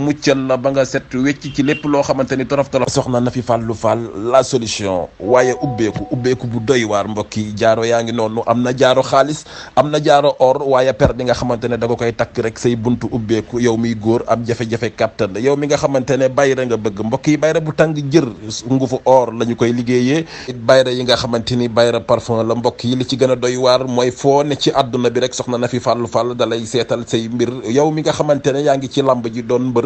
muccal la ba nga set wecc ci lépp loo xamante ni torof torof soxna na fi fàllu fàll la solution waaye ubbeeku ubbeeku bu doy waar mbokk yi jaaro yaa ngi noonu am na jaaro xaalis am na jaaro or waaye per di nga xamante ne da ko koy takk rek say buntu ubbeeku yow miy góor am jafe-jafe kàttan yow mi nga xamante ne bayra nga bëgg mbokk yi bayra bu tàng jër ngufu or la ñu koy liggéeyee it yi nga xamante ni bayra parfum la mbokk yi li ci gën a doy waar mooy foo bi rek soxna na fi fàllu fàll dalay seetal say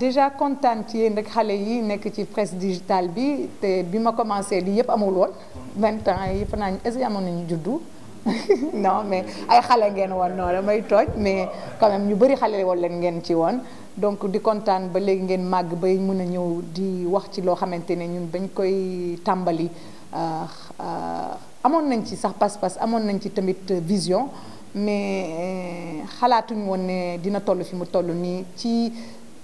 déjà kontaan ci yéen rek xale yi nekk ci presse digital bi te bi ma commencé lii yëpp amul woon. vingt temps yëpp naa est amoon nañu juddu non mais ay xale ngeen woon noonu damay tooj mais quand même ñu bëri xale woon leen ngeen ci woon. donc di kontaan ba léegi ngeen màgg bay mën a ñëw di wax ci loo xamante ne ñun bañ koy tàmbali euh, euh, amoon nañ ci sax pas-pas amoon nañ ci tamit vision mais euh, xalaatuñ woon ne dina toll fi mu toll nii ci.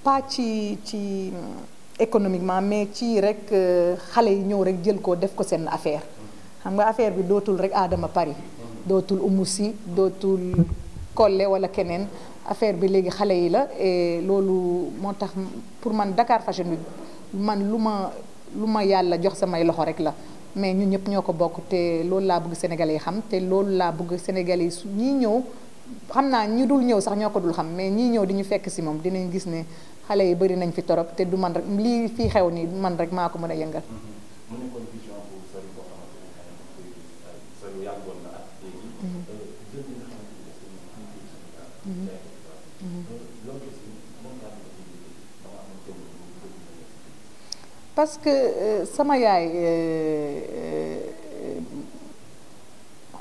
pas ci ci mm, économiquement mais ci rek euh, xale yi ñëw rek jël ko def ko seen affaire xam nga affaire bi dootul rek Adama Paris dootul Oumou si dootul Collé wala keneen affaire bi léegi xale yi la et loolu moo tax pour man dakaar Fashion Week man lu ma lu ma yàlla jox samay loxo rek la mais ñun ñëpp ñoo ko bokk te loolu laa bugg Sénégalais yi xam te loolu laa bëgg Sénégalais yi ñëw xam naa ñu dul ñëw sax ñoo ko dul xam mais ñii ñëw di ñu fekk si moom dinañ gis ne xale yi bëri nañ fi torop te du man rek lii fii xew nii man rek maa ko mën a yëngal. Mm-hmm. Euh, mm-hmm. euh, mm-hmm. euh, parce que sama yaay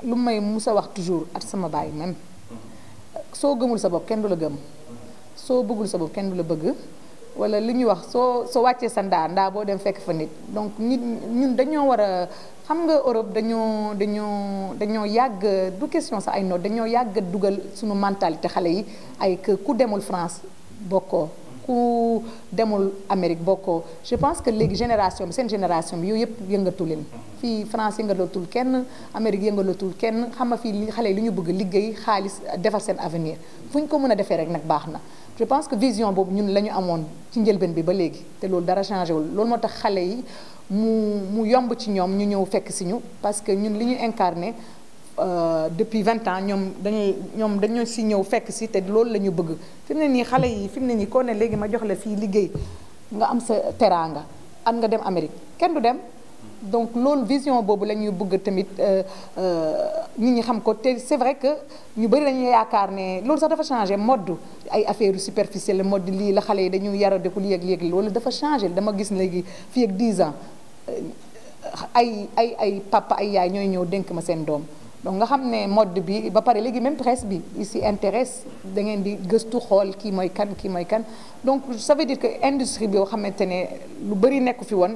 lu may musa wax toujours ak sama baay même. soo gëmul sa bopp kenn du la gëm soo bëggul sa bopp kenn du la bëgg wala li ñuy wax soo soo wàccee sa ndaa ndaa boo dem fekk fa nit donc nit ñun dañoo war a xam nga Europe dañoo dañoo dañoo yàgg du question sa ay noot dañoo yàgg dugal suñu mentalité xale yi ay que ku demul France bokkoo ku demul Amérique bokkoo je pense que léegi génération bi seen génération bi yooyu yëpp yëngatu leen fii France yëngalatul kenn Amérique yëngalatul kenn xam nga fii li li ñu bëgg liggéey xaalis defar seen avenir fu ñu ko mën a defee rek nag baax na je pense que vision boobu ñun la ñu amoon ci njëlbeen bi ba léegi te loolu dara changé wul loolu moo tax xale yi mu mu yomb ci ñoom ñu ñëw fekk si ñu parce que ñun li ñu incarné Euh, depuis vingt ans ñoom dañuy ñoom dañoo si ñëw fekk si te loolu la ñu bëgg fi ne nii xale yi fi mu ne nii koo ne léegi ma jox la fii liggéey nga am sa teraanga am nga dem Amérique kenn du dem donc loolu vision boobu la ñuy bëgg tamit euh, euh, nit ñi xam ko te c'est vrai que ñu bëri dañuy yaakaar ne loolu sax dafa changé mode ay affaire superficielle mode lii la xale yi dañuy yara deku yéeg yéeg loolu dafa changé dama gis léegi fi ak 10 ans ay ay ay papa ay yaay ñooy ñëw dénk ma seen doom donc nga xam ne mode bi ba pare léegi même presse bi ici intéresse da ngeen di gëstu xool kii mooy kan kii mooy kan donc ça veut dire industrie bi yoo xamante ne lu bëri nekku fi woon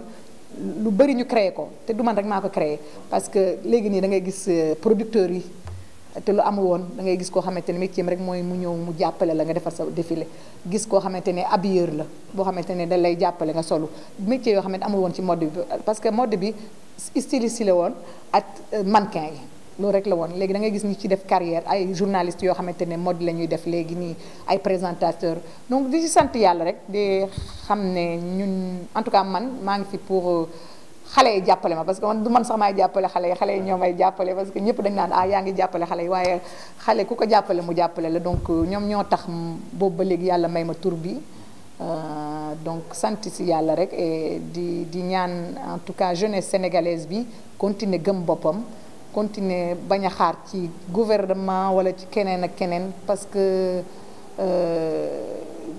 lu bëri ñu créer ko te du man rek maa ko créé parce que léegi nii da ngay gis euh, producteurs yi te lu amul woon da ngay gis koo xamante ne métier rek mooy mu ñëw mu jàppale la nga defar sa défilé gis koo xamante ne habilleur la boo xamante ne da lay jàppale nga solu métier yoo xamante amul woon ci mode parce que mode bi styliste la woon ak euh, mannequin yi loolu rek la woon léegi da ngay gis ñi ci def carrière ay journalistes yoo xamante ne mode la ñuy def léegi nii ay présentateur donc di ci sant yàlla rek di xam ne ñun en tout cas man maa ngi fi pour euh, xale yi jàppale ma parce que man du man jàppale xale yi xale yi ñoo may jàppale parce que ñëpp dañ naan ah ngi jàppale xale waaye xale ku ko jàppale mu jàppale la donc euh, ñoom ñoo tax boobu ba léegi yàlla may ma tur bi euh, donc sant si yàlla rek et di di ñaan en tout cas jeunesse sénégalaise bi continuer gëm boppam continuer bañ a xaar ci gouvernement wala ci keneen ak keneen parce que euh,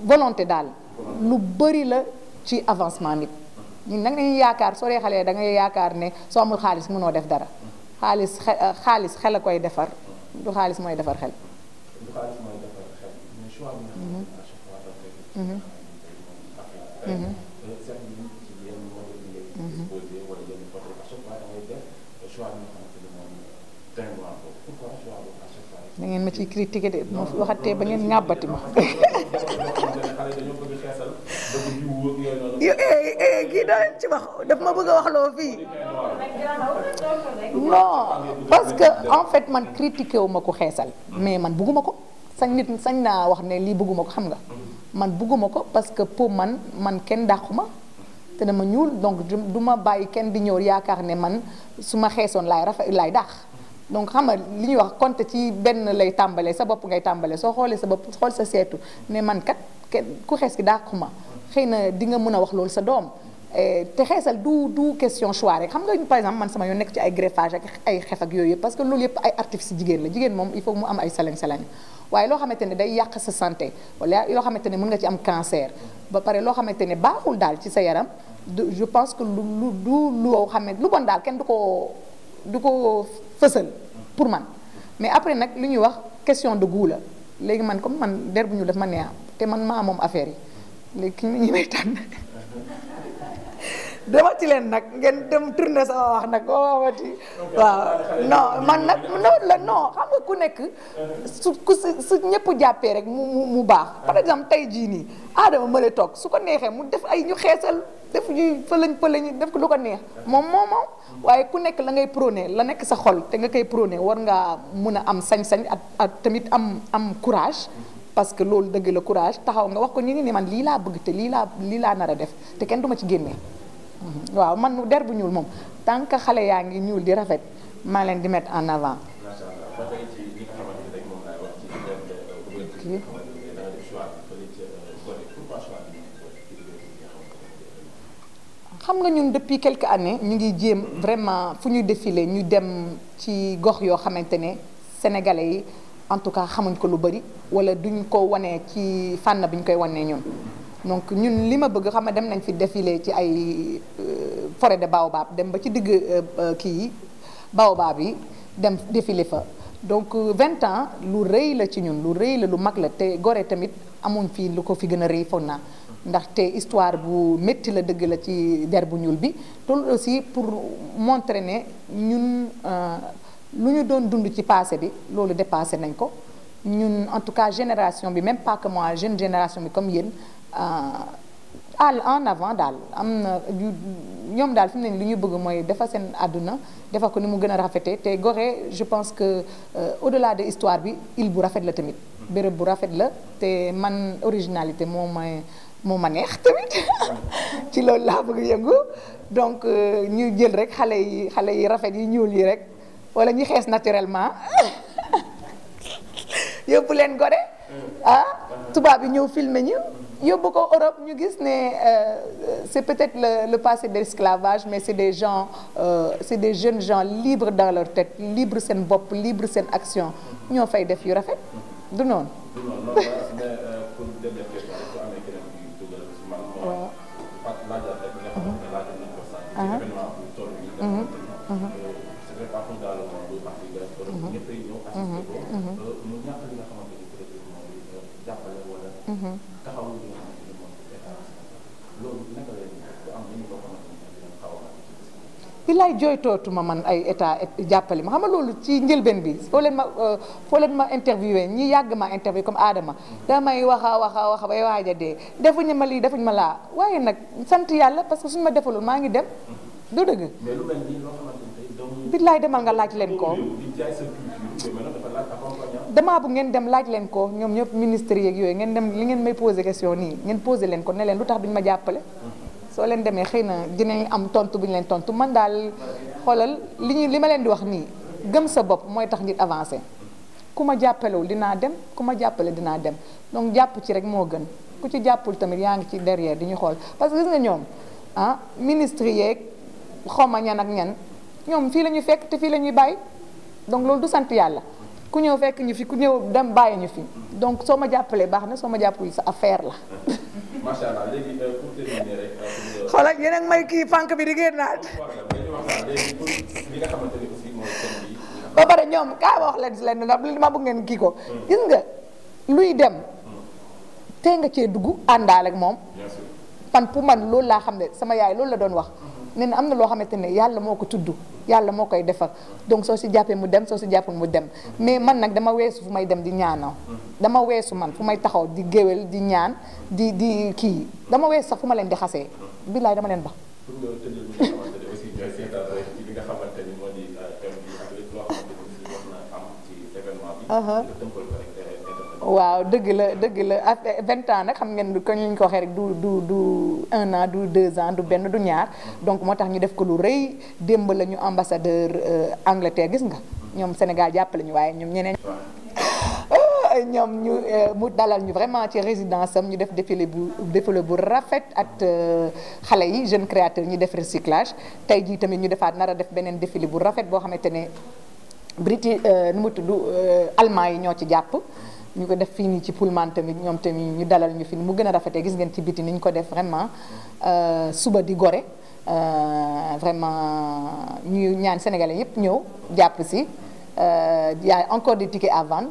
volonté daal lu bëri la ci avancement nit ñun nag dañuy yaakaar soo dee xale da ngay yaakaar ne soo amul xaalis mënoo def dara xaalis euh, xel a koy defar du mooy defar xel. du xaalis mooy defar xel. da ngeen ma ci critiqué de ma waxatee ba ngeen ñàbbati ma. Eh, eh, kii doo ci wax daf ma bëgg a wax loo fii. non parce que en fait man critiqué wu ma ko xeesal. mais man bugguma ko sañ nit sañ naa wax ne lii bugguma ko xam nga. man bugguma ko parce que pour man man kenn dàqu ma te dama ñuul donc du ma bàyyi kenn di ñëw yaakaar ne man su ma xeesoon laay rafet laay dàq. donc xam nga li ñuy wax compte ci benn lay tàmbalee sa bopp ngay tàmbalee soo xoolee sa bopp xool sa seetu ne man kat ku xees ki dàqu ma xëy na di nga mën a wax loolu sa doom eh, te xeesal du du question choix rek xam nga ñu par exemple man sama yoon nekk ci ay greffage ak ay xef ak yooyu yëpp parce que loolu yëpp ay artifice jigéen la jigéen moom il faut mu am ay salañ-salañ waaye loo xamante ne day yàq sa santé wala loo xamante ne mën nga ci am cancer ba pare loo xamante ne baaxul daal ci sa yaram je pense que lu lu du loo xamante lu bon daal kenn du ko ko fësal pour man mais après nag lu ñuy wax question de goût la léegi man comme man der ñu def ma neex te man maa moom affaire yi léegi ki ñu may dama ci leen nag ngeen dem tourner sama wax nag oh, waaw non man nag non la non xam nga ku nekk su ku su ñëpp jàppee rek mu mu mu baax par exemple tey jii nii Adama ma lay toog su ko neexee mu def ay ñu xeesal. def ñuy fëlañ fëlañ def ko lu ko neex moom moo moom waaye ku nekk la ngay prôné la nekk sa xol te nga koy prôné war ngaa mun a am sañ-sañ ak ak tamit am am courage parce que loolu dëgg la courage taxaw nga wax ko ñu ngi nii man lii laa bëgg te lii laa lii laa nar a def te kenn duma ci génnee mhm. waaw man der bu ñuul moom tant que xale yaa ngi ñuul di rafet maa leen di mettre en avant. xam nga ñun depuis quelque années ñu ngi jéem vraiment fu ñu défilé ñu dem ci gox yoo xamante ne sénégalais yi en tout cas xamuñ ko lu bëri wala duñ ko wanee ci fànn bi ñu koy wanee ñun. donc ñun li ma bëgg xam nga dem nañ fi défilé ci ay euh, forêt de baobab dem ba ci digg euh, euh, kii yi baobab yi dem défilé fa. donc vingt ans lu rëy la ci ñun lu rëy la lu mag la te Gorée tamit amuñ fii lu ko fi gën a rëy foog naa ndaxte histoire bu métti la dëgg la ci der bu ñuul bi loolu aussi pour montre ne ñun euh, lu ñu doon dund ci passé bi loolu dépassé nañ ko ñun en tout cas génération bi même pas que moi jeune génération bi comme yéen euh, al en avant daal am na ñoom daal fi ne li ñu bëgg mooy defar seen àdduna defar ko ni mu gën a rafetee te Gorée je pense que euh, au-delà de histoire bi île bu rafet la tamit béréb bu rafet la te man originalité moom may moo ma neex tamit ci loolu laa bëgg yëngu donc euh, ñu jël rek xale yi xale yi rafet yi ñuul yi rek wala ñu xees naturellement yóbbu leen gode ah tubaab yi ñëw filmer ñu yóbbu ko Europe ñu gis ne euh, c'est peut-être le le de l'esclavage mais c'est des gens euh, c'est des jeunes gens libres dans leur tête libre seen bopp libre seen action ñoo fay def yu rafet du noonu laay jooytootuma man ay état jàppale ma xam loolu ci njëlbeen bi foo leen ma euh, foo leen ma interviewé ñi yàgg ma interviewé comme Adama damay waxa waxa waxa bay waaja dee defuñu ma lii defuñu ma laa waaye nag sant yàlla parce que suñu ma defalul maa ngi dem du dëgg laay demal nga laaj leen ko damaa bu ngeen dem laaj leen ko ñoom ñëpp ministre yeeg yooyu ngeen dem li ngeen may posé question nii ngeen posé leen ko ne leen lu tax duñ ma jàppale soo leen demee xëy na dinañ am tontu bu ñu leen tontu man daal xoolal li ñu li ma leen di wax nii gëm sa bopp mooy tax nit avancé ku ma jàppalewul dinaa dem ku ma jàppale dinaa dem donc jàpp ci rek moo gën ku ci jàppul tamit yaa ngi ci derrière di ñu xool parce que gis nga ñoom ah ministre yeeg xawma ñan ak ñan ñoom fii la ñu fekk te fii la ñuy bàyyi donc loolu du sant yàlla ku ñëw fekk ñu fi ku ñëw dem bàyyi ñu fi donc soo ma jàppalee baax na soo ma jàppul sa affaire la macha allah léegi euh, pour euh, euh, may kii fànk bi di génnaat. li ba pare ñoom kaa wax leen si leen ndax ma bëgg ngeen kii ko. Hmm. gis nga luy dem. Hmm. tee nga cee dugg àndaale moom. man pour man loolu laa xam ne sama yaay loolu la doon wax. Hmm. ne na am na loo xamante ne yàlla moo ko tudd yàlla moo koy defar donc soo si jàppee mu dem soo si jàppee mu dem mais man nag dama weesu fu may dem di ñaanal dama weesu man fu may taxaw di géwél di ñaan di di kii dama weesu sax fu ma leen di xasee billaay dama leen ba waaw dëgg la dëgg la après ah, eh, vingt ans nag xam ngeen ko ñu ko waxee rek du du du un an du deux ans du benn du ñaar donc moo tax ñu def ko lu rëy démb la ñu ambassadeur euh, Angleterre gis nga ñoom Sénégal jàpp lañu waaye ñoom ñeneen ah, ñoom ñu euh, mu dalal ñu vraiment ci résidence am ñu def défilé bu défilé bu rafet at euh, xale yi jeune créateur ñu def recyclage tey jii tamit ñu defaat nar a def beneen défilé bu rafet boo xamante ne Briti nu mu tudd yi ñoo ci jàpp ñu ko def fii nii ci Pullman tamit ñoom tamit ñu dalal ñu fi mu gën a rafetee gis ngeen ci biti ni ñu ko def vraiment euh, suba di gore euh, vraiment ñu ñaan sénégalais yëpp ñëw jàpp si euh, y a encore des tickets à vendre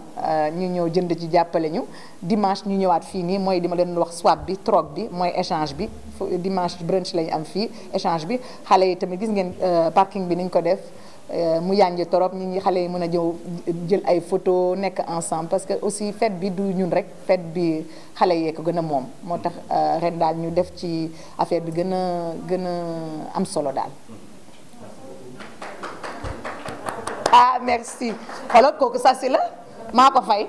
ñu ñëw jënd ci jàppale ñu dimanche ñu ñëwaat fii nii mooy dima ma leen wax swap bi troc bi mooy échange bi dimanche brunch lañu am fii échange bi xale yi tamit gis ngeen parking bi ni ñu ko def Euh, mu yànji torop ñi ñi xale yi mën a jëw jël ay photo nekk ensemble parce que aussi fête bi du ñun rek fête bi xale yee ko gën a moom moo tax euh, ren daal ñu def ci affaire bi gën a gën a am solo daal ah merci xoolal kooku sasi la maa ko fay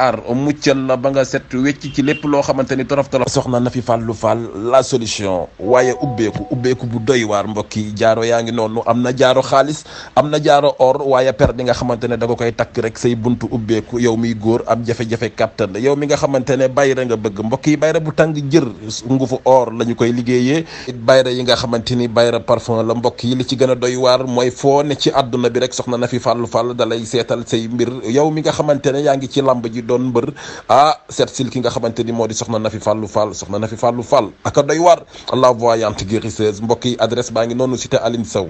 aar muccal la ba nga set wecc ci lépp loo xamante ni torof torof soxna na fi fàllu fàll la solution waaye ubbeeku ubbeeku bu doy waar mbokk yi jaaro yaa ngi noonu am na jaaro xaalis am na jaaro or waaye per di nga xamante ne da koy takk rek say buntu ubbeeku yow miy góor am jafe-jafe kattan yow mi nga xamante ne bayra nga bëgg mbokk yi bayra bu tàng jër ngufu or la ñu koy liggéeyee it bayra yi nga xamante ni bayra parfum la mbokk yi li ci gën a doy waar mooy foo ne ci bi rek soxna na fi fàllu fàll dalay seetal say mbir yow mi nga xamante ne yaa ngi ci lamb doon mbër ah seet sil ki nga xamante ni moo di soxna Nafi Fallou Fall soxna Nafi Fallou Fall aka doy a la voyante guérisseuse mbokk yi adresse baa ngi noonu cité Aline Sow